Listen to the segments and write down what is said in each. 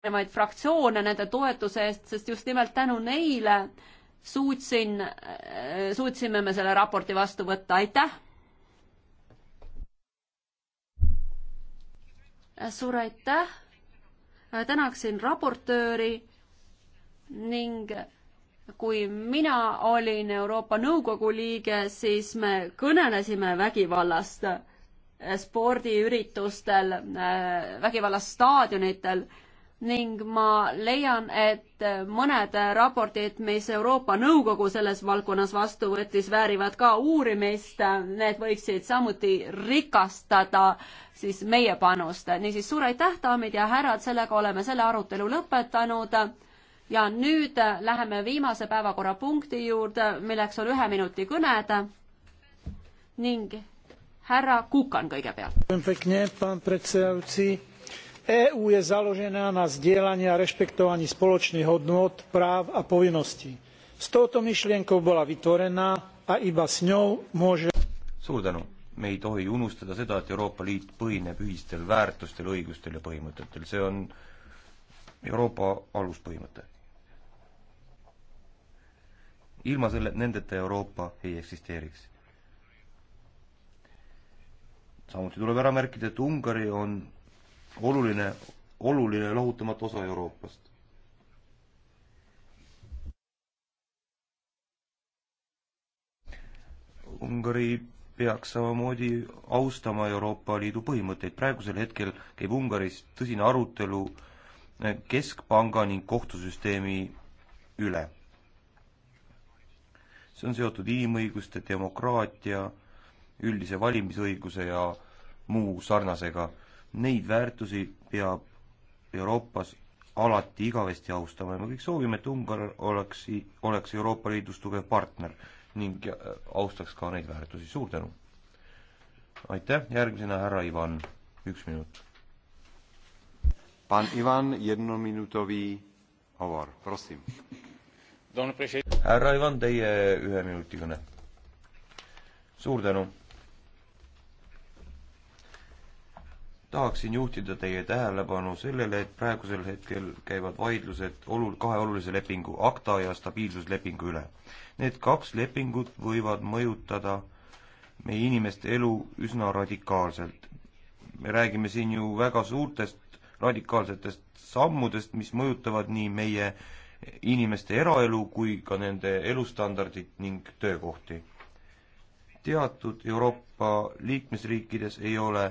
erinevaid fraktsioone nende toetuse eest, sest just nimelt tänu neile suutsin, suutsime me selle raporti vastu võtta, aitäh! suur aitäh! tänaksin raportööri ning kui mina olin Euroopa Nõukogu liige, siis me kõnelesime vägivallast spordiüritustel, vägivallast staadionitel ning ma leian, et mõned raportid, mis Euroopa Nõukogu selles valdkonnas vastu võttis, väärivad ka uurimist, need võiksid samuti rikastada siis meie panust. niisiis, suur aitäh, daamid ja härrad, sellega oleme selle arutelu lõpetanud ja nüüd läheme viimase päevakorrapunkti juurde, milleks on ühe minuti kõned ning härra Kukan kõigepealt eú je založená na zdieľaní a rešpektovaní spoločných hodnôt práv a povinností. s touto myšlienkou bola vytvorená a iba s ňou môže suur tänu me ei tohi unustada seda, et Euroopa Liit põhineb ühistel väärtustel, õigustel ja põhimõtetel, see on Euroopa aluspõhimõte. ilma selle, nendeta Euroopa ei eksisteeriks. samuti tuleb ära märkida, et Ungari on oluline, oluline lahutamatu osa Euroopast. Ungari peaks samamoodi austama Euroopa Liidu põhimõtteid. praegusel hetkel käib Ungaris tõsine arutelu keskpanga ning kohtusüsteemi üle. see on seotud inimõiguste, demokraatia, üldise valimisõiguse ja muu sarnasega. Neid väärtusi peab Euroopas alati igavesti austama ja me kõik soovime, et Ungar oleks, oleks Euroopa Liidus tugev partner ning äh, austaks ka neid väärtusi, suur tänu! aitäh, järgmisena härra Ivan, üks minut. Pan Ivan, jednominutovi avar, prosim. härra Ivan, teie ühe minuti kõne. suur tänu tahaksin juhtida teie tähelepanu sellele, et praegusel hetkel käivad vaidlused olul-, kahe olulise lepingu, ACTA ja stabiilsuslepingu üle. Need kaks lepingut võivad mõjutada meie inimeste elu üsna radikaalselt. me räägime siin ju väga suurtest radikaalsetest sammudest, mis mõjutavad nii meie inimeste eraelu kui ka nende elustandardit ning töökohti. teatud Euroopa liikmesriikides ei ole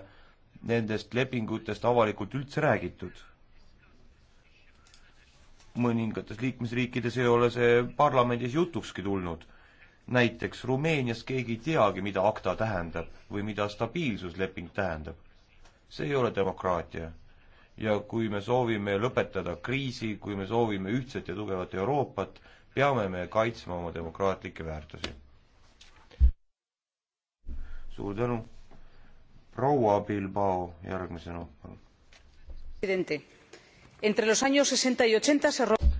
nendest lepingutest avalikult üldse räägitud. mõningates liikmesriikides ei ole see parlamendis jutukski tulnud. näiteks Rumeenias keegi ei teagi, mida ACTA tähendab või mida stabiilsusleping tähendab. see ei ole demokraatia. ja kui me soovime lõpetada kriisi, kui me soovime ühtset ja tugevat Euroopat, peame me kaitsma oma demokraatlikke väärtusi. suur tänu! proua Bilbao järgmisena, palun.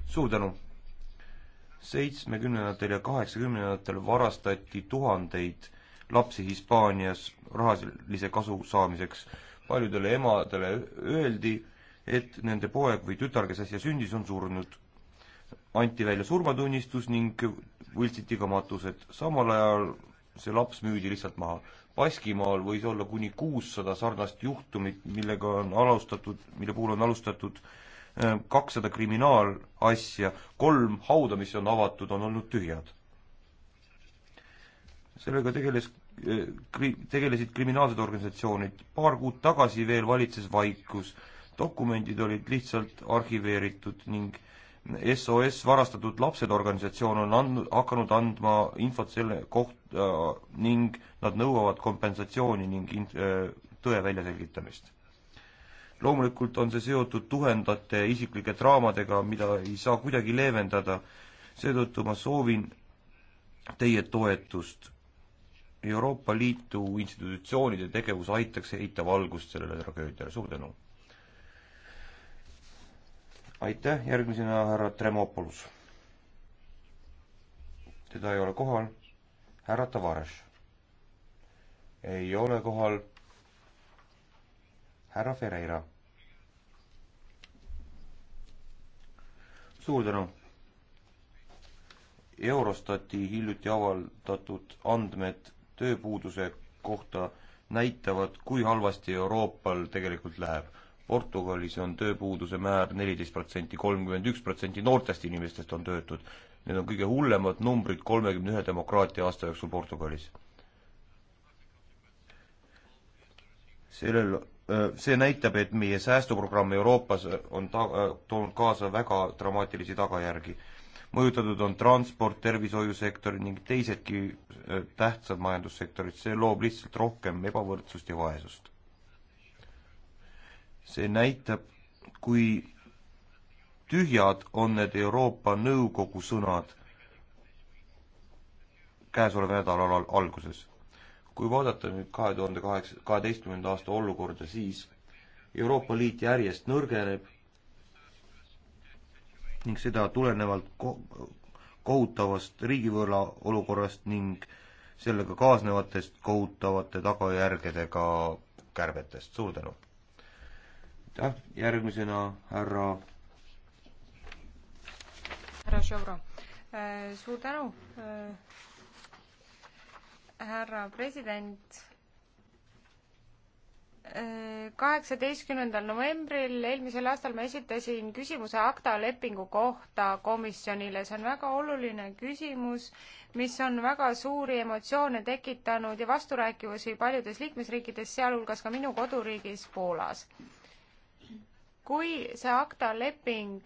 suur tänu. seitsmekümnendatel ja kaheksakümnendatel varastati tuhandeid lapsi Hispaanias rahalise kasu saamiseks. paljudele emadele öeldi, et nende poeg või tütar, kes äsja sündis, on surnud. anti välja surmatunnistus ning võltsiti ka matused. samal ajal see laps müüdi lihtsalt maha Baskimaal võis olla kuni kuussada sarnast juhtumit, millega on alustatud, mille puhul on alustatud äh, kakssada kriminaalasja, kolm hauda, mis on avatud, on olnud tühjad. sellega tegeles äh, kri-, tegelesid kriminaalsed organisatsioonid, paar kuud tagasi veel valitses vaikus, dokumendid olid lihtsalt arhiveeritud ning äh, SOS Varastatud Lapsed organisatsioon on and-, hakanud andma infot selle kohta äh, ning nad nõuavad kompensatsiooni ning in-, äh, tõe väljaselgitamist. loomulikult on see seotud tuhandete isiklike draamadega, mida ei saa kuidagi leevendada, seetõttu ma soovin teie toetust. Euroopa Liidu institutsioonide tegevus aitaks heita valgust sellele tragöödiale, suur tänu! aitäh, järgmisena härra Tremopolus. teda ei ole kohal. härra Tavares. ei ole kohal. härra Ferreira. suur tänu. Eurostati hiljuti avaldatud andmed tööpuuduse kohta näitavad, kui halvasti Euroopal tegelikult läheb Portugalis on tööpuuduse määr neliteist protsenti, kolmkümmend üks protsenti noortest inimestest on töötud. Need on kõige hullemad numbrid kolmekümne ühe demokraatia aasta jooksul Portugalis. sellel, see näitab, et meie säästuprogramm Euroopas on ta-, toonud kaasa väga dramaatilisi tagajärgi. mõjutatud on transport, tervishoiusektor ning teisedki tähtsad majandussektorid, see loob lihtsalt rohkem ebavõrdsust ja vaesust see näitab, kui tühjad on need Euroopa Nõukogu sõnad käesoleva nädala alguses. kui vaadata nüüd kahe tuhande kaheksa, kaheteistkümnenda aasta olukorda, siis Euroopa Liit järjest nõrgeneb ning seda tulenevalt kohutavast riigivõla olukorrast ning sellega kaasnevatest kohutavate tagajärgedega kärbetest. suur tänu! aitäh, järgmisena härra. härra Šovro, äh, suur tänu, äh, härra president äh, kaheksateistkümnendal novembril eelmisel aastal ma esitasin küsimuse ACTA lepingu kohta komisjonile. see on väga oluline küsimus, mis on väga suuri emotsioone tekitanud ja vasturääkivusi paljudes liikmesriikides, sealhulgas ka minu koduriigis Poolas kui see ACTA leping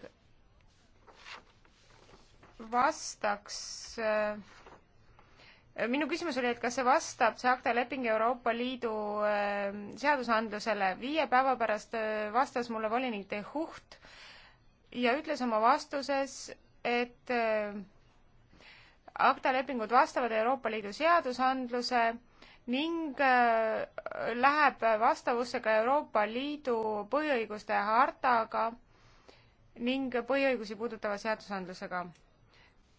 vastaks äh, minu küsimus oli, et kas see vastab, see ACTA leping Euroopa Liidu äh, seadusandlusele. viie päeva pärast äh, vastas mulle volinik De Hucht ja ütles oma vastuses, et ACTA lepingud vastavad Euroopa Liidu seadusandluse ning äh, läheb vastavusse ka Euroopa Liidu põhiõiguste hartaga ning põhiõigusi puudutava seadusandlusega.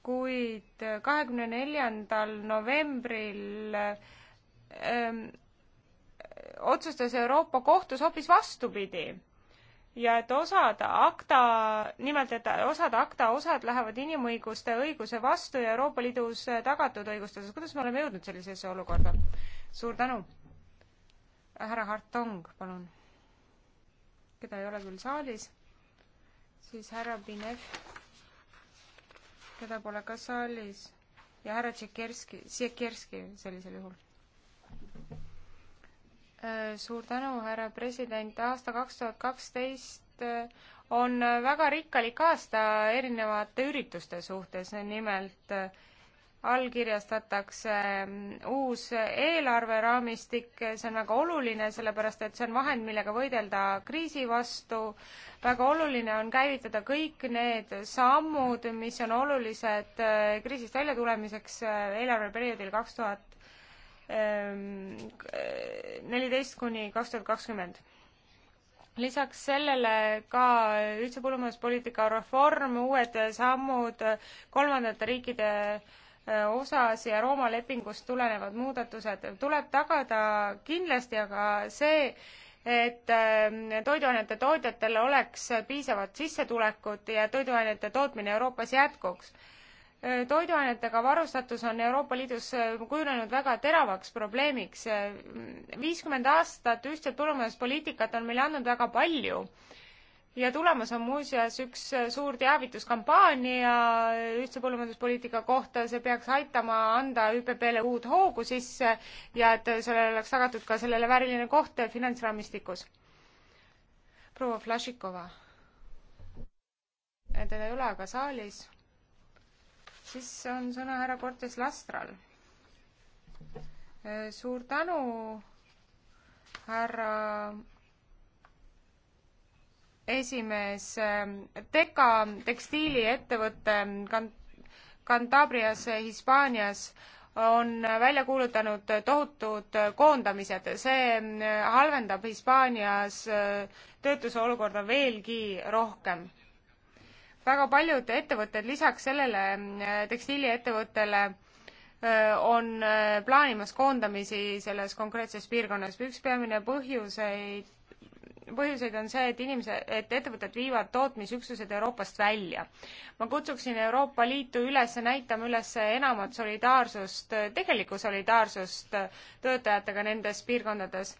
kuid kahekümne neljandal novembril öö, ähm, otsustas Euroopa Kohtus hoopis vastupidi ja et osad akta, nimelt et osad akta osad lähevad inimõiguste õiguse vastu ja Euroopa Liidus tagatud õigustes, kuidas me oleme jõudnud sellisesse olukorda? suur tänu. härra Hartong, palun. keda ei ole küll saalis, siis härra Binev, keda pole ka saalis ja härra Tšekerski, Siekerski sellisel juhul. Äh, suur tänu, härra president, aasta kaks tuhat kaksteist äh, on väga rikkalik aasta erinevate ürituste suhtes, nimelt äh, allkirjastatakse mm, uus eelarveraamistik, see on väga oluline, sellepärast et see on vahend, millega võidelda kriisi vastu. väga oluline on käivitada kõik need sammud, mis on olulised äh, kriisist välja tulemiseks äh, eelarveperioodil kaks tuhat ähm, neliteist kuni kaks tuhat kakskümmend lisaks sellele ka üldse põllumajanduspoliitika reform, uued sammud kolmandate riikide äh, osas ja Rooma lepingust tulenevad muudatused. tuleb tagada kindlasti aga see, et äh, toiduainete tootjatel oleks piisavad sissetulekud ja toiduainete tootmine Euroopas jätkuks. Äh, toiduainetega varustatus on Euroopa Liidus äh, kujunenud väga teravaks probleemiks. viiskümmend aastat ühtset põllumajanduspoliitikat on meile andnud väga palju ja tulemas on muuseas üks äh, suur teavituskampaania ühtse põllumajanduspoliitika kohta, see peaks aitama anda ÜPP-le uut hoogu sisse ja et sellele oleks tagatud ka sellele vääriline koht finantsraamistikus. proua Flašikova. Teda ei ole aga saalis. siis on sõna härra Cortes Lastral. Äh, suur tänu, härra esimees, Deka ähm, tekstiiliettevõte Cantabrias ähm, äh, Hispaanias on äh, välja kuulutanud äh, tohutud koondamised, see ähm, halvendab Hispaanias töötuse olukorda veelgi rohkem. väga paljud ettevõtted lisaks sellele tekstiiliettevõttele on plaanimas koondamisi selles konkreetses piirkonnas. üks peamine põhjuseid põhjuseid on see, et inimese, et ettevõtted viivad tootmisüksused Euroopast välja. ma kutsuksin Euroopa Liitu üles näitama üles enamat solidaarsust, tegelikku solidaarsust töötajatega nendes piirkondades.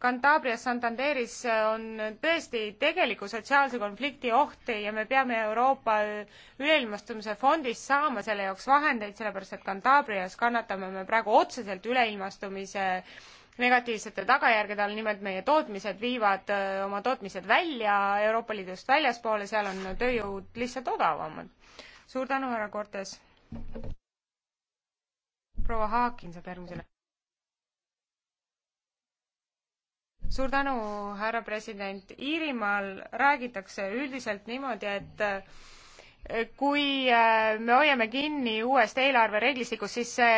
Cantabrias, Santanderis on tõesti tegeliku sotsiaalse konflikti oht ja me peame Euroopa üleilmastumise fondist saama selle jaoks vahendeid, sellepärast et Cantabrias kannatame me praegu otseselt üleilmastumise negatiivsete tagajärgede all, nimelt meie tootmised viivad oma tootmised välja Euroopa Liidust väljaspoole, seal on tööjõud lihtsalt odavamad. suur tänu, härra Cortes. proua Haakin saab järgmisele. suur tänu, härra president. Iirimaal räägitakse üldiselt niimoodi, et kui äh, me hoiame kinni uuest eelarvereeglistikust, siis see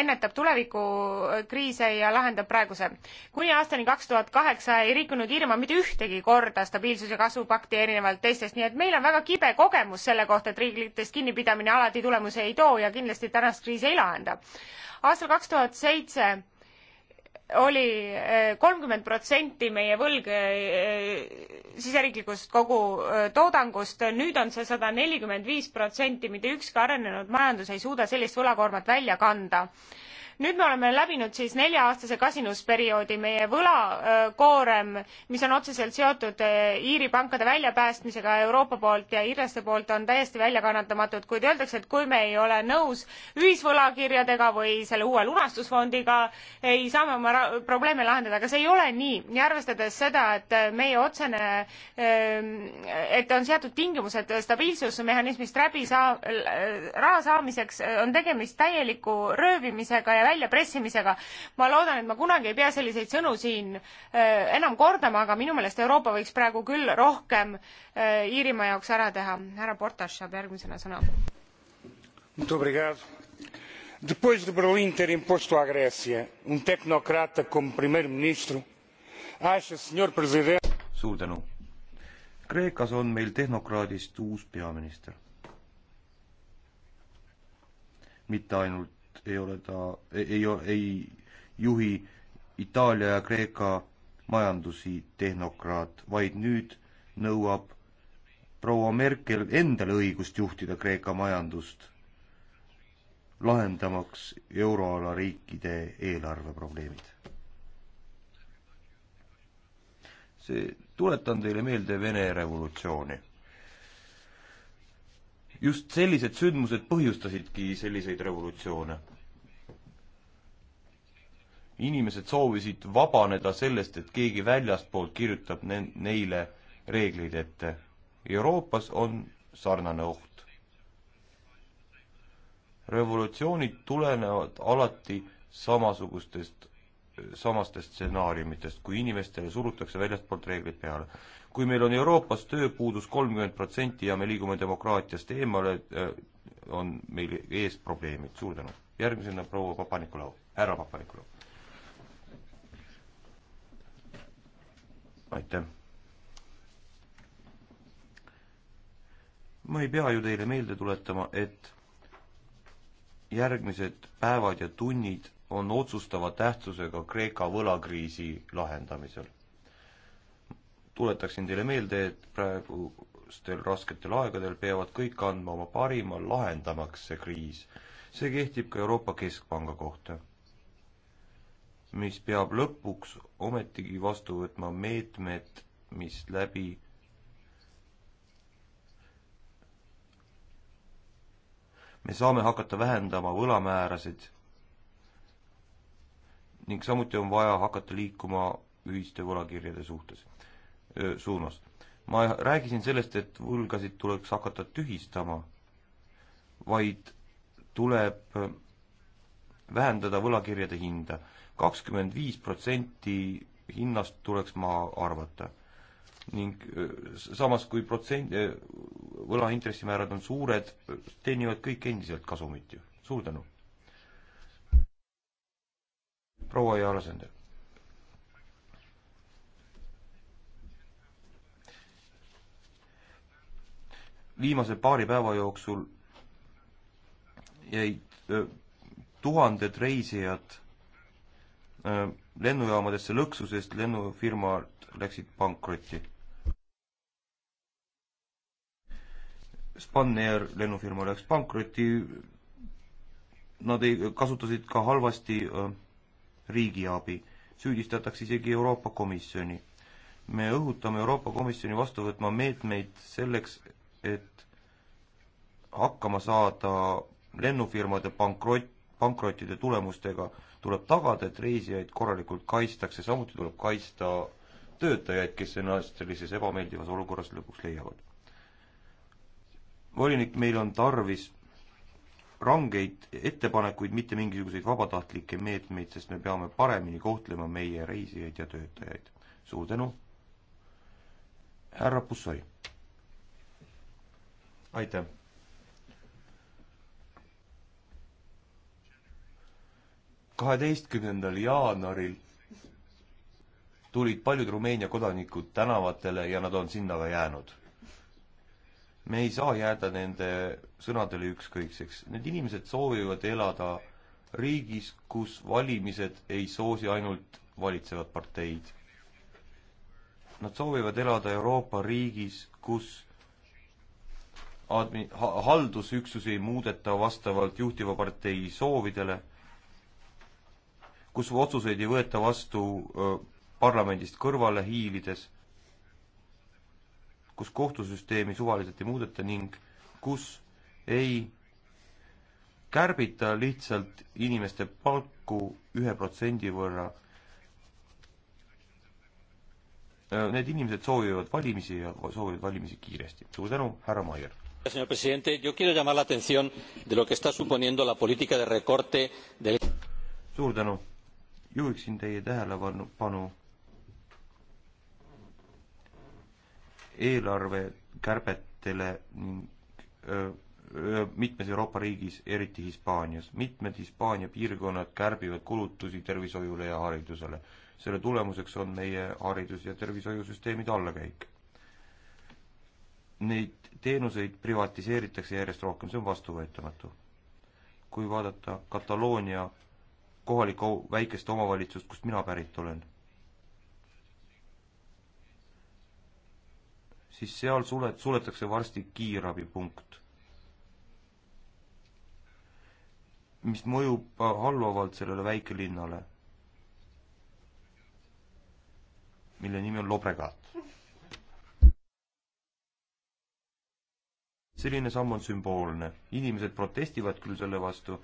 ennetab tulevikukriise ja lahendab praeguse. kuni aastani kaks tuhat kaheksa ei rikkunud Irma mitte ühtegi korda stabiilsus- ja kasvupakti erinevalt teistest, nii et meil on väga kibe kogemus selle kohta, et riiklitest kinnipidamine alati tulemusi ei too ja kindlasti tänast kriisi ei lahenda. aastal kaks tuhat seitse oli eh, kolmkümmend protsenti meie võlg eh, siseriiklikust kogutoodangust eh, nüüd on see sada nelikümmend viis protsenti mitte ükski arenenud majandus ei suuda sellist võlakoormat välja kanda nüüd me oleme läbinud siis nelja-aastase kasinusperioodi, meie võlakoorem, mis on otseselt seotud eh, Iiri pankade väljapäästmisega Euroopa poolt ja iirlaste poolt, on täiesti väljakannatamatud, kuid öeldakse, et kui me ei ole nõus ühisvõlakirjadega või selle uue lunastusfondiga, ei saa me oma probleeme lahendada, aga see ei ole nii ja arvestades seda, et eh, meie otsene eh, et on seatud tingimused stabiilsusmehhanismist läbi saa-, raha saamiseks, on tegemist täieliku röövimisega ja väljapressimisega. ma loodan, et ma kunagi ei pea selliseid sõnu siin äh, enam kordama, aga minu meelest Euroopa võiks praegu küll rohkem äh, Iirimaa jaoks ära teha. härra Portas saab järgmisena sõna. Depois de Berlim ter imposto à Grécia um tecnocrata como primeiro-ministro, acha, senhor presidente. Suur tänu. Kreekas on meil tehnokraadist uus peaminister. mitte ainult ei ole ta, ei, ei juhi Itaalia ja Kreeka majandusi tehnokraat, vaid nüüd nõuab proua Merkel endale õigust juhtida Kreeka majandust, lahendamaks euroala riikide eelarveprobleemid. see, tuletan teile meelde Vene revolutsiooni just sellised sündmused põhjustasidki selliseid revolutsioone. inimesed soovisid vabaneda sellest, et keegi väljastpoolt kirjutab ne-, neile reegleid ette. Euroopas on sarnane oht. revolutsioonid tulenevad alati samasugustest samastest stsenaariumitest, kui inimestele surutakse väljastpoolt reeglid peale. kui meil on Euroopas tööpuudus kolmkümmend protsenti ja me liigume demokraatiast eemale, äh, on meil ees probleemid, suur tänu. järgmisena proua Papanikolau, härra Papanikolau. aitäh. ma ei pea ju teile meelde tuletama, et järgmised päevad ja tunnid on otsustava tähtsusega Kreeka võlakriisi lahendamisel. tuletaksin teile meelde, et praegustel rasketel aegadel peavad kõik andma oma parima, lahendamaks see kriis. see kehtib ka Euroopa Keskpanga kohta, mis peab lõpuks ometigi vastu võtma meetmed, mis läbi me saame hakata vähendama võlamäärasid ning samuti on vaja hakata liikuma ühiste võlakirjade suhtes, suunas. ma rääkisin sellest, et võlgasid tuleks hakata tühistama, vaid tuleb vähendada võlakirjade hinda. kakskümmend viis protsenti hinnast tuleks ma arvata. ning samas, kui protsent, võla intressimäärad on suured, teenivad kõik endiselt kasumit ju. suur tänu! proua Jaalasender. viimase paari päeva jooksul jäid öö, tuhanded reisijad öö, lennujaamadesse lõksu, sest lennufirmad läksid pankrotti. Spanair lennufirma läks pankrotti, nad ei, kasutasid ka halvasti öö, riigiabi. süüdistatakse isegi Euroopa Komisjoni. me õhutame Euroopa Komisjoni vastu võtma meetmeid selleks, et hakkama saada lennufirmade pankrot, pankrottide tulemustega, tuleb tagada, et reisijaid korralikult kaitstakse, samuti tuleb kaitsta töötajaid, kes ennast sellises ebameeldivas olukorras lõpuks leiavad. volinik, meil on tarvis rangeid ettepanekuid, mitte mingisuguseid vabatahtlikke meetmeid, sest me peame paremini kohtlema meie reisijaid ja töötajaid. suur tänu, härra Bussoi! aitäh! kaheteistkümnendal jaanuaril tulid paljud Rumeenia kodanikud tänavatele ja nad on sinna ka jäänud me ei saa jääda nende sõnadele ükskõikseks. Need inimesed soovivad elada riigis, kus valimised ei soosi ainult valitsevat parteid. Nad soovivad elada Euroopa riigis, kus admi-, ha-, haldusüksusi ei muudeta vastavalt juhtiva partei soovidele, kus otsuseid ei võeta vastu öö, parlamendist kõrvale hiilides kus kohtusüsteemi suvaliselt ei muudeta ning kus ei kärbita lihtsalt inimeste palku ühe protsendi võrra. Äh, need inimesed soovivad valimisi ja soovivad valimisi kiiresti. suur tänu, härra Maier. Señor presidente, yo quiero llamar la atención de lo que está suponiendo la política de recorte del... suur tänu. juhiksin teie tähelepanu eelarvekärbetele ning öö, mitmes Euroopa riigis, eriti Hispaanias. mitmed Hispaania piirkonnad kärbivad kulutusi tervishoiule ja haridusele. selle tulemuseks on meie haridus- ja tervishoiusüsteemide allakäik. Neid teenuseid privatiseeritakse järjest rohkem, see on vastuvõetamatu. kui vaadata Kataloonia kohalikku väikest omavalitsust, kust mina pärit olen siis seal sule-, suletakse varsti kiirabipunkt, mis mõjub halvavalt sellele väikelinnale, mille nimi on Lobregat. selline samm on sümboolne, inimesed protestivad küll selle vastu,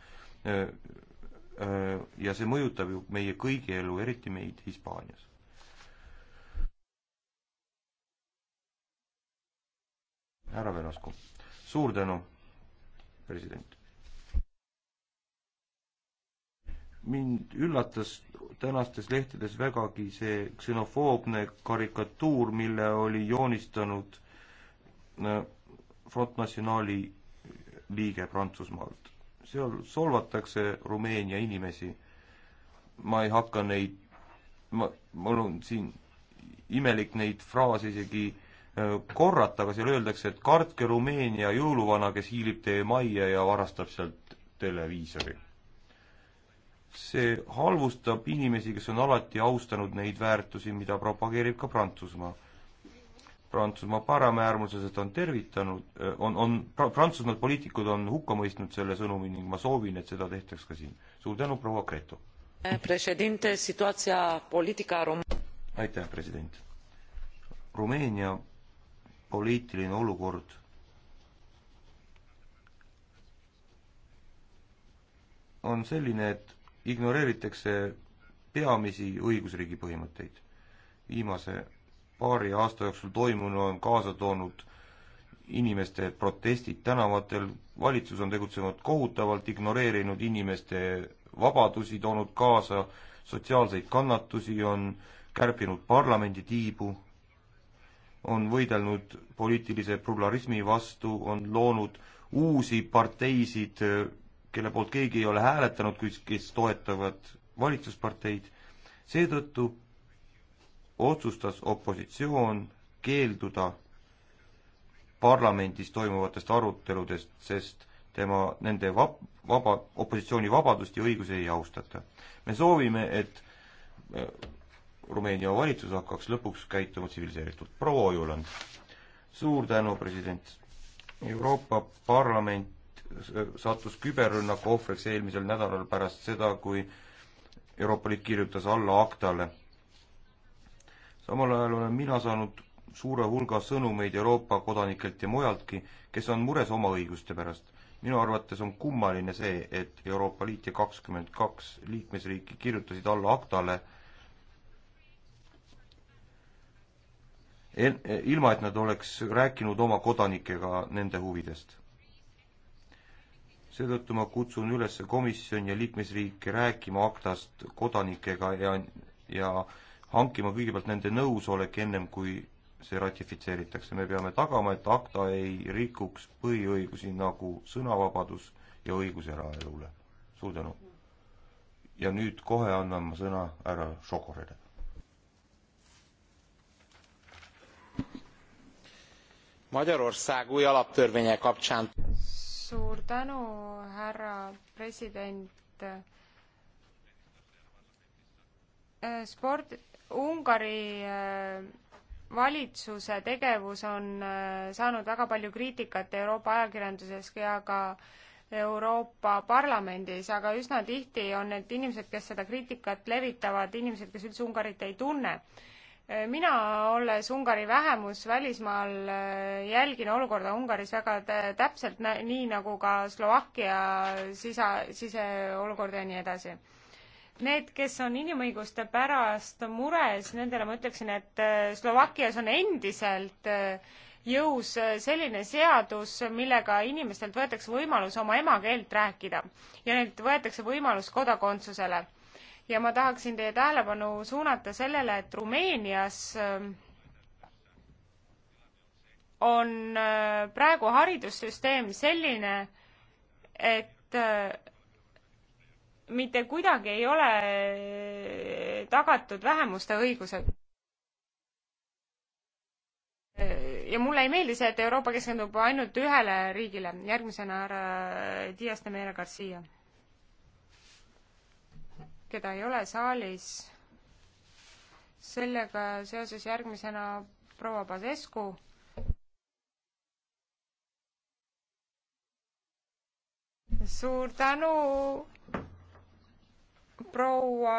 ja see mõjutab ju meie kõigi elu, eriti meid Hispaanias. härra Venasko. suur tänu, president. mind üllatas tänastes lehtedes vägagi see ksenofoobne karikatuur, mille oli joonistanud äh, Front Nationali liige Prantsusmaalt. seal solvatakse Rumeenia inimesi. ma ei hakka neid, ma, mul on siin imelik neid fraase isegi Äh, korrata, aga seal öeldakse, et kartke Rumeenia jõuluvana, kes hiilib teie majja ja varastab sealt televiisori. see halvustab inimesi, kes on alati austanud neid väärtusi, mida propageerib ka Prantsusmaa. Prantsusmaa paremäärmuslased on tervitanud, äh, on, on, Prantsusmaa poliitikud on hukka mõistnud selle sõnumi ning ma soovin, et seda tehtaks ka siin. suur tänu, proua Gretu! Eh, aitäh, president! Rumeenia poliitiline olukord on selline, et ignoreeritakse peamisi õigusriigi põhimõtteid. viimase paari aasta jooksul toimunu on kaasa toonud inimeste protestid tänavatel, valitsus on tegutsenud kohutavalt, ignoreerinud inimeste vabadusi, toonud kaasa sotsiaalseid kannatusi, on kärpinud parlamendi tiibu on võidelnud poliitilise pluralismi vastu, on loonud uusi parteisid, kelle poolt keegi ei ole hääletanud, kes toetavad valitsusparteid. seetõttu otsustas opositsioon keelduda parlamendis toimuvatest aruteludest, sest tema, nende vab-, vaba, opositsiooni vabadust ja õigusi ei austata. me soovime, et Rumeenia valitsus hakkaks lõpuks käituma tsiviliseeritult. proua Ojuland, suur tänu, president. Euroopa Parlament äh, sattus küberrünnaku ohvriks eelmisel nädalal pärast seda, kui Euroopa Liit kirjutas alla aktale. samal ajal olen mina saanud suure hulga sõnumeid Euroopa kodanikelt ja mujaltki, kes on mures oma õiguste pärast. minu arvates on kummaline see, et Euroopa Liit ja kakskümmend kaks liikmesriiki kirjutasid alla aktale, ilma et nad oleks rääkinud oma kodanikega nende huvidest. seetõttu ma kutsun üles komisjoni ja liikmesriike rääkima aktast kodanikega ja, ja hankima kõigepealt nende nõusolek, ennem kui see ratifitseeritakse. me peame tagama, et akta ei rikuks põhiõigusi nagu sõnavabadus ja õigus eraelule. suur tänu! ja nüüd kohe annan ma sõna härra Šokorile. Magyarország új alaptörvénye kapcsán. Suur tänu, härra president. Eh, sport, Ungari eh, valitsuse tegevus on eh, saanud väga palju kriitikat Euroopa ajakirjanduses ja ka Euroopa Parlamendis, aga üsna tihti on need inimesed, kes seda kriitikat levitavad, inimesed, kes üldse Ungarit ei tunne mina, olles Ungari vähemus välismaal, äh, jälgin olukorda Ungaris väga täpselt, nii nagu ka Slovakkia sisa, siseolukorda ja nii edasi. Need, kes on inimõiguste pärast mures, nendele ma ütleksin, et äh, Slovakkias on endiselt äh, jõus selline seadus, millega inimestelt võetakse võimalus oma emakeelt rääkida ja neilt võetakse võimalus kodakondsusele ja ma tahaksin teie tähelepanu suunata sellele, et Rumeenias ähm, on äh, praegu haridussüsteem selline, et äh, mitte kuidagi ei ole äh, tagatud vähemuste õigused. ja mulle ei meeldi see, et Euroopa keskendub ainult ühele riigile. järgmisena härra Dias de Mera Garcia keda ei ole saalis. sellega seoses järgmisena proua Pasescu. suur tänu proua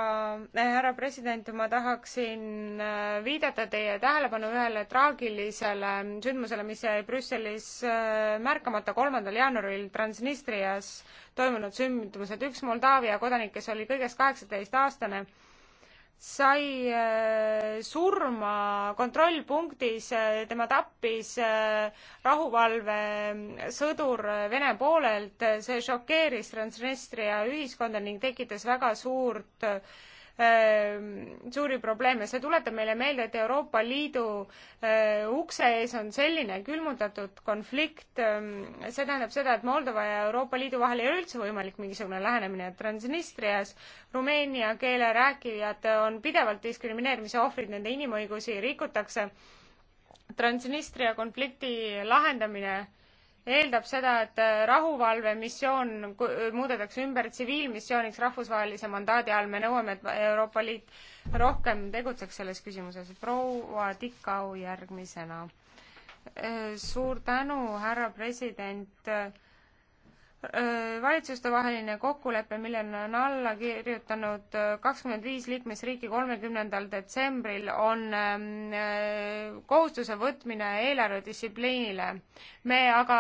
äh,, härra president, ma tahaksin äh, viidata teie tähelepanu ühele traagilisele sündmusele, mis jäi Brüsselis äh, märkamata kolmandal jaanuaril Transnistrias toimunud sündmused. üks Moldaavia kodanik, kes oli kõigest kaheksateist aastane, sai äh, surma kontrollpunktis, äh, tema tappis äh, rahuvalvesõdur Vene poolelt, see šokeeris Transnistria ühiskonda ning tekitas väga suurt Ähm, suuri probleeme. see tuletab meile meelde, et Euroopa Liidu äh, ukse ees on selline külmutatud konflikt. Ähm, see tähendab seda, et Moldova ja Euroopa Liidu vahel ei ole üldse võimalik mingisugune lähenemine. Transnistrias rumeenia keele rääkijad on pidevalt diskrimineerimise ohvrid, nende inimõigusi rikutakse. Transnistria konflikti lahendamine eeldab seda, et äh, rahuvalvemissioon muudetakse ümber tsiviilmissiooniks rahvusvahelise mandaadi all. me nõuame, et Euroopa Liit rohkem tegutseks selles küsimuses. proua Tikau järgmisena. Äh, suur tänu, härra president äh, Äh, valitsustevaheline kokkulepe, millele on alla kirjutanud äh, kakskümmend viis liikmesriiki kolmekümnendal detsembril, on ähm, äh, kohustuse võtmine eelarvedistsipliinile. me aga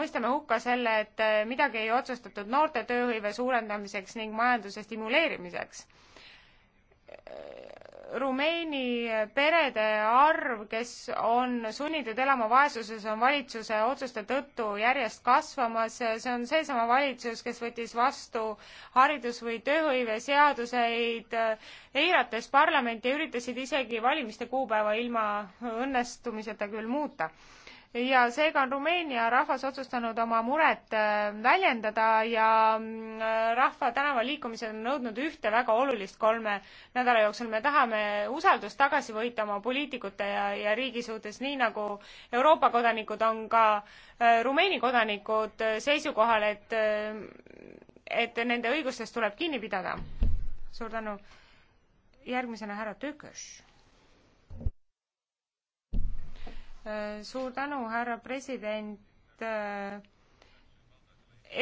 mõistame hukka selle, et midagi ei otsustatud noorte tööhõive suurendamiseks ning majanduse stimuleerimiseks Rumeeni perede arv, kes on sunnitud elama vaesuses, on valitsuse otsuste tõttu järjest kasvamas. see on seesama valitsus, kes võttis vastu haridus- või tööhõiveseaduseid, eirates parlamenti ja üritasid isegi valimiste kuupäeva ilma õnnestumiseta küll muuta ja seega on Rumeenia rahvas otsustanud oma muret äh, väljendada ja mm, äh, rahva tänavaliikumised on nõudnud ühte väga olulist kolme nädala jooksul. me tahame usaldust tagasi võita oma poliitikute ja, ja riigi suhtes, nii nagu Euroopa kodanikud on ka äh, Rumeeni kodanikud seisukohal, et, et nende õigustest tuleb kinni pidada. suur tänu. järgmisena härra Tüköš Äh, suur tänu, härra president. Äh,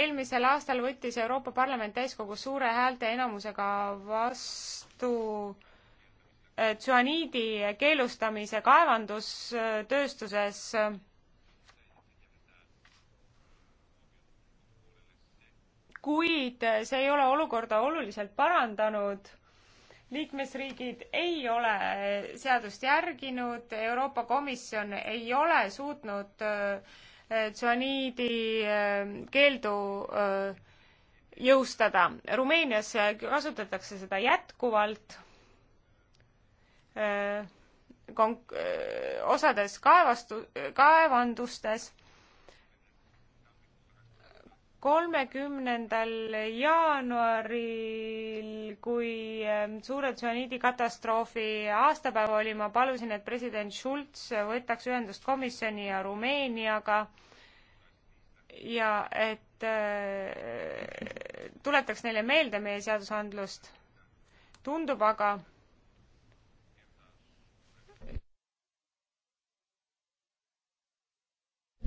eelmisel aastal võttis Euroopa Parlament täiskogus suure häälteenamusega vastu äh, tsüaniidi keelustamise kaevandustööstuses kuid see ei ole olukorda oluliselt parandanud liikmesriigid ei ole seadust järginud, Euroopa Komisjon ei ole suutnud tsüaniidi äh, äh, keeldu äh, jõustada. Rumeenias kasutatakse seda jätkuvalt konk-, osades kaevastu-, kaevandustes kolmekümnendal jaanuaril, kui ähm, suure tsüaniidi katastroofi aastapäev oli, ma palusin, et president Schulz võtaks ühendust komisjoni ja Rumeeniaga ja et äh, tuletaks neile meelde meie seadusandlust. tundub aga,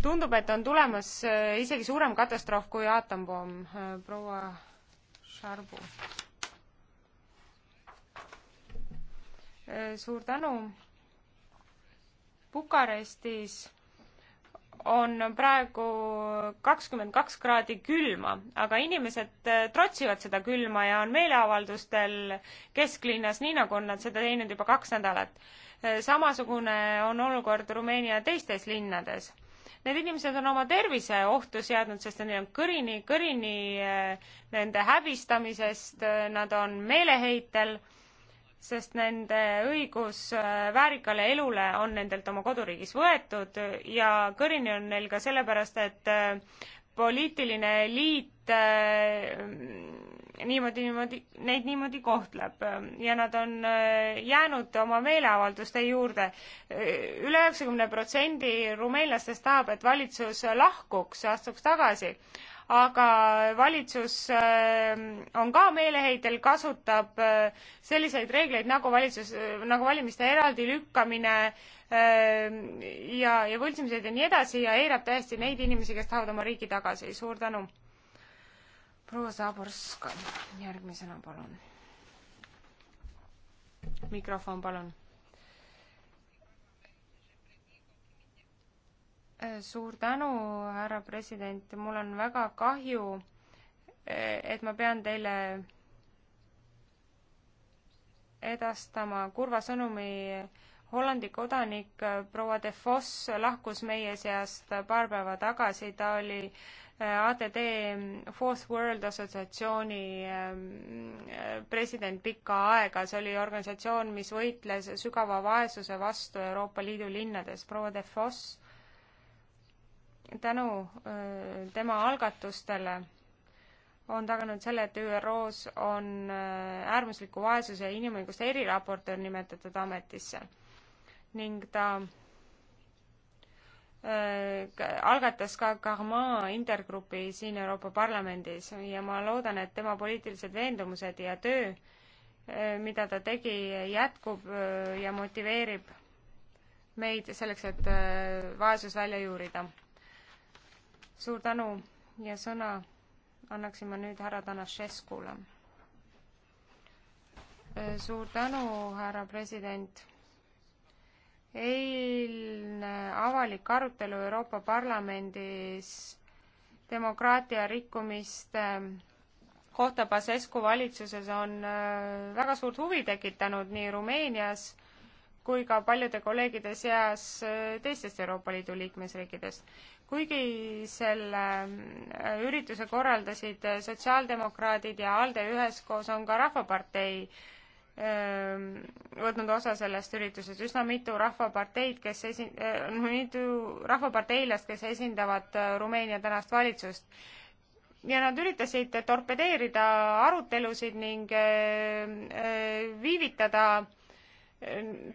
tundub, et on tulemas äh, isegi suurem katastroof kui aatompomm, äh, proua Sharbu. Äh, suur tänu. Bukarestis on praegu kakskümmend kaks kraadi külma, aga inimesed trotsivad seda külma ja on meeleavaldustel kesklinnas, nii nagu on nad seda teinud juba kaks nädalat. samasugune on olukord Rumeenia teistes linnades Need inimesed on oma tervise ohtu seadnud, sest neil on kõrini, kõrini eh, nende häbistamisest, eh, nad on meeleheitel, sest nende õigus eh, väärikale elule on nendelt oma koduriigis võetud ja kõrini on neil ka sellepärast, et poliitiline eliit niimoodi, niimoodi, neid niimoodi kohtleb ähm, ja nad on äh, jäänud oma meeleavalduste juurde üle. Äh, üle üheksakümne protsendi rumeenlastest tahab, et valitsus lahkuks, astuks tagasi, aga valitsus ähm, on ka meeleheitel, kasutab äh, selliseid reegleid nagu valitsus, nagu valimiste eraldi lükkamine ähm, ja, ja võltsimised ja nii edasi ja eirab täiesti neid inimesi, kes tahavad oma riiki tagasi. suur tänu! proua Zaborska, järgmisena palun. mikrofon, palun. Äh, suur tänu, härra president, mul on väga kahju, äh, et ma pean teile edastama kurva sõnumi Hollandi kodanik äh, proua de Vos lahkus meie seast paar päeva tagasi, ta oli ADD Fourth World assotsiatsiooni ähm, äh, president pikka aega, see oli organisatsioon, mis võitles sügava vaesuse vastu Euroopa Liidu linnades, proua de Foss, tänu äh, tema algatustele on taganud selle, et ÜRO-s on äh, äärmusliku vaesuse ja inimõiguste eriraportöör nimetatud ametisse ning ta Äh, algatas ka Karmaa intergrupi siin Euroopa Parlamendis ja ma loodan, et tema poliitilised veendumused ja töö, äh, mida ta tegi, jätkub äh, ja motiveerib meid selleks, et vaesus välja juurida. suur tänu ja sõna annaksin ma nüüd härra Današeskule. suur tänu, härra president eilne avalik arutelu Euroopa Parlamendis demokraatia rikkumiste kohta Pasescu valitsuses on äh, väga suurt huvi tekitanud nii Rumeenias kui ka paljude kolleegide seas äh, teistest Euroopa Liidu liikmesriikidest. kuigi selle äh, ürituse korraldasid sotsiaaldemokraadid ja ALDE üheskoos, on ka Rahvapartei Ähm, võtnud osa sellest üritusest. üsna mitu rahvaparteid, kes esi-, äh, mitu rahvaparteilast, kes esindavad äh, Rumeenia tänast valitsust. ja nad üritasid torpedeerida arutelusid ning äh, viivitada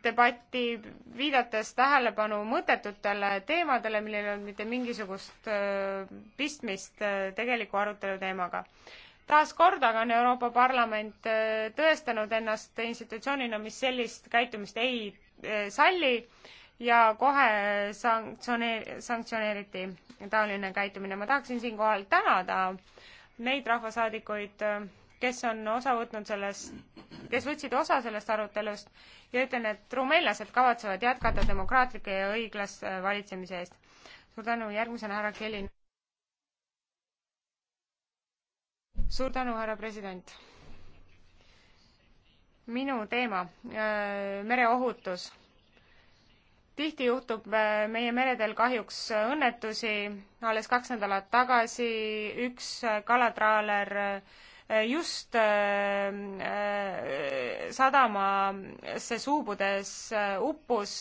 debatti, viidates tähelepanu mõttetutele teemadele, millel ei olnud mitte mingisugust pistmist tegeliku arutelu teemaga taaskord aga on Euroopa Parlament äh, tõestanud ennast institutsioonina, mis sellist käitumist ei äh, salli ja kohe sanktsioneer-, sanktsioneeriti taoline käitumine. ma tahaksin siinkohal tänada neid rahvasaadikuid, kes on osa võtnud sellest, kes võtsid osa sellest arutelust ja ütlen, et rumeenlased kavatsevad jätkata demokraatlike ja õiglase valitsemise eest. suur tänu, järgmisena härra Kelin. suur tänu, härra president. minu teema, äh, mereohutus. tihti juhtub äh, meie meredel kahjuks õnnetusi, alles kaks nädalat tagasi üks äh, kalatraaler just sadamasse suubudes uppus,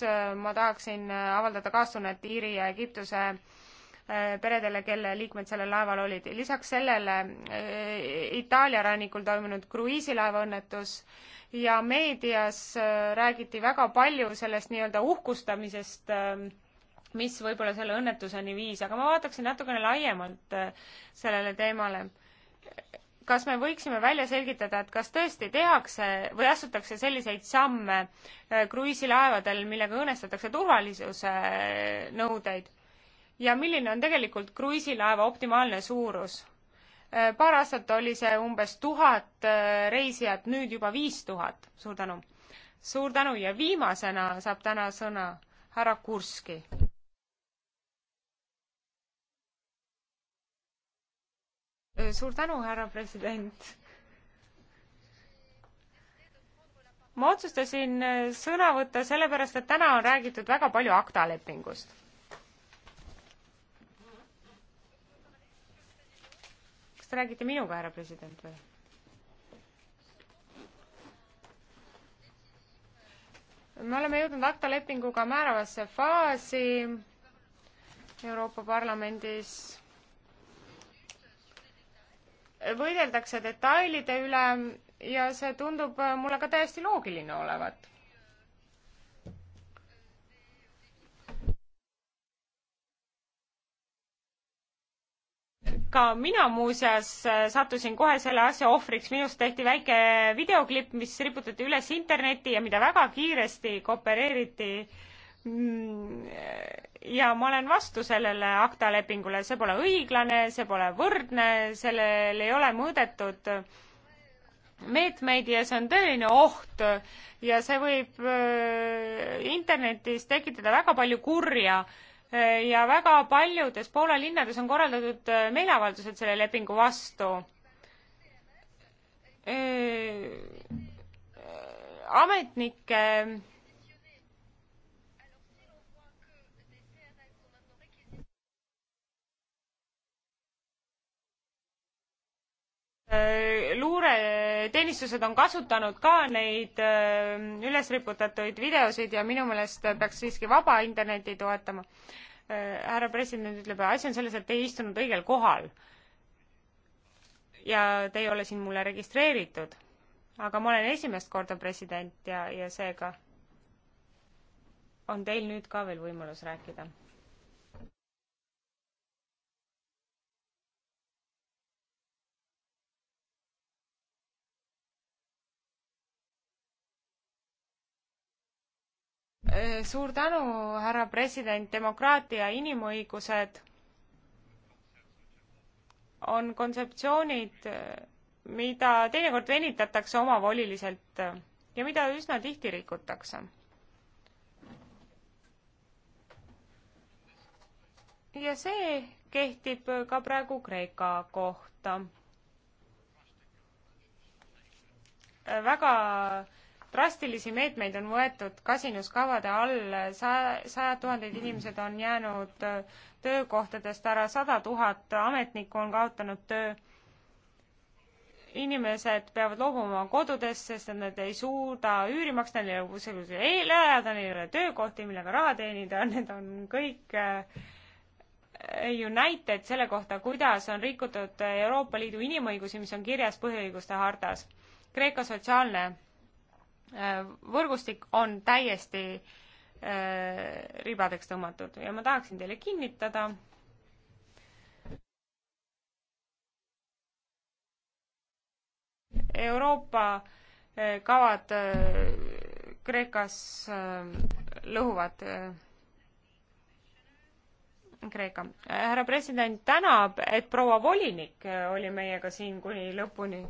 ma tahaksin avaldada kaastunnet Iiri ja Egiptuse Äh, peredele, kelle liikmed sellel laeval olid. lisaks sellele äh, Itaalia rannikul toimunud kruiisilaeva õnnetus ja meedias äh, räägiti väga palju sellest nii-öelda uhkustamisest, mis võib-olla selle õnnetuseni viis, aga ma vaataksin natukene laiemalt sellele teemale kas me võiksime välja selgitada, et kas tõesti tehakse või astutakse selliseid samme kruiisilaevadel, millega õõnestatakse turvalisuse nõudeid? ja milline on tegelikult kruiisilaeva optimaalne suurus? Äh, paar aastat oli see umbes tuhat äh, reisijat, nüüd juba viis tuhat. suur tänu. suur tänu ja viimasena saab täna sõna härra Kurski. Äh, suur tänu, härra president. ma otsustasin sõna võtta sellepärast, et täna on räägitud väga palju akta lepingust te räägite minuga, härra president, või? me oleme jõudnud ACTA lepinguga määravasse faasi Euroopa Parlamendis. võideldakse detailide üle ja see tundub mulle ka täiesti loogiline olevat ka mina muuseas äh, sattusin kohe selle asja ohvriks, minust tehti väike videoklipp, mis riputati üles internetti ja mida väga kiiresti koopereeriti mm, ja ma olen vastu sellele ACTA lepingule, see pole õiglane, see pole võrdne, sellel ei ole mõõdetud meetmeid ja see on tõeline oht ja see võib äh, internetis tekitada väga palju kurja ja väga paljudes Poola linnades on korraldatud äh, meeleavaldused selle lepingu vastu. Äh, äh, ametnike teenistused on kasutanud ka neid äh, üles riputatuid videosid ja minu meelest peaks siiski vaba interneti toetama. Äh, härra president ütleb, asi on selles, et te ei istunud õigel kohal. ja te ei ole siin mulle registreeritud. aga ma olen esimest korda president ja, ja seega on teil nüüd ka veel võimalus rääkida Äh, suur tänu, härra president, demokraatia, inimõigused on kontseptsioonid, äh, mida teinekord venitatakse omavoliliselt äh, ja mida üsna tihti rikutakse. ja see kehtib ka praegu Kreeka kohta. väga äh, drastilisi meetmeid on võetud kasinduskavade all, sa-, sajad tuhanded inimesed on jäänud äh, töökohtadest ära, sada tuhat ametnikku on kaotanud töö. inimesed peavad loobuma kodudest, sest nad ei suuda üüri maksta, neil ei ole kusagil eele ajada, neil ei ole töökohti, millega raha teenida, need on kõik äh, ju näiteid selle kohta, kuidas on rikutud Euroopa Liidu inimõigusi, mis on kirjas põhiõiguste hartas. Kreeka sotsiaalne Äh, võrgustik on täiesti äh, ribadeks tõmmatud ja ma tahaksin teile kinnitada, Euroopa äh, kavad Kreekas lõhuvad Kreeka. härra president tänab, et proua volinik oli meiega siin kuni lõpuni.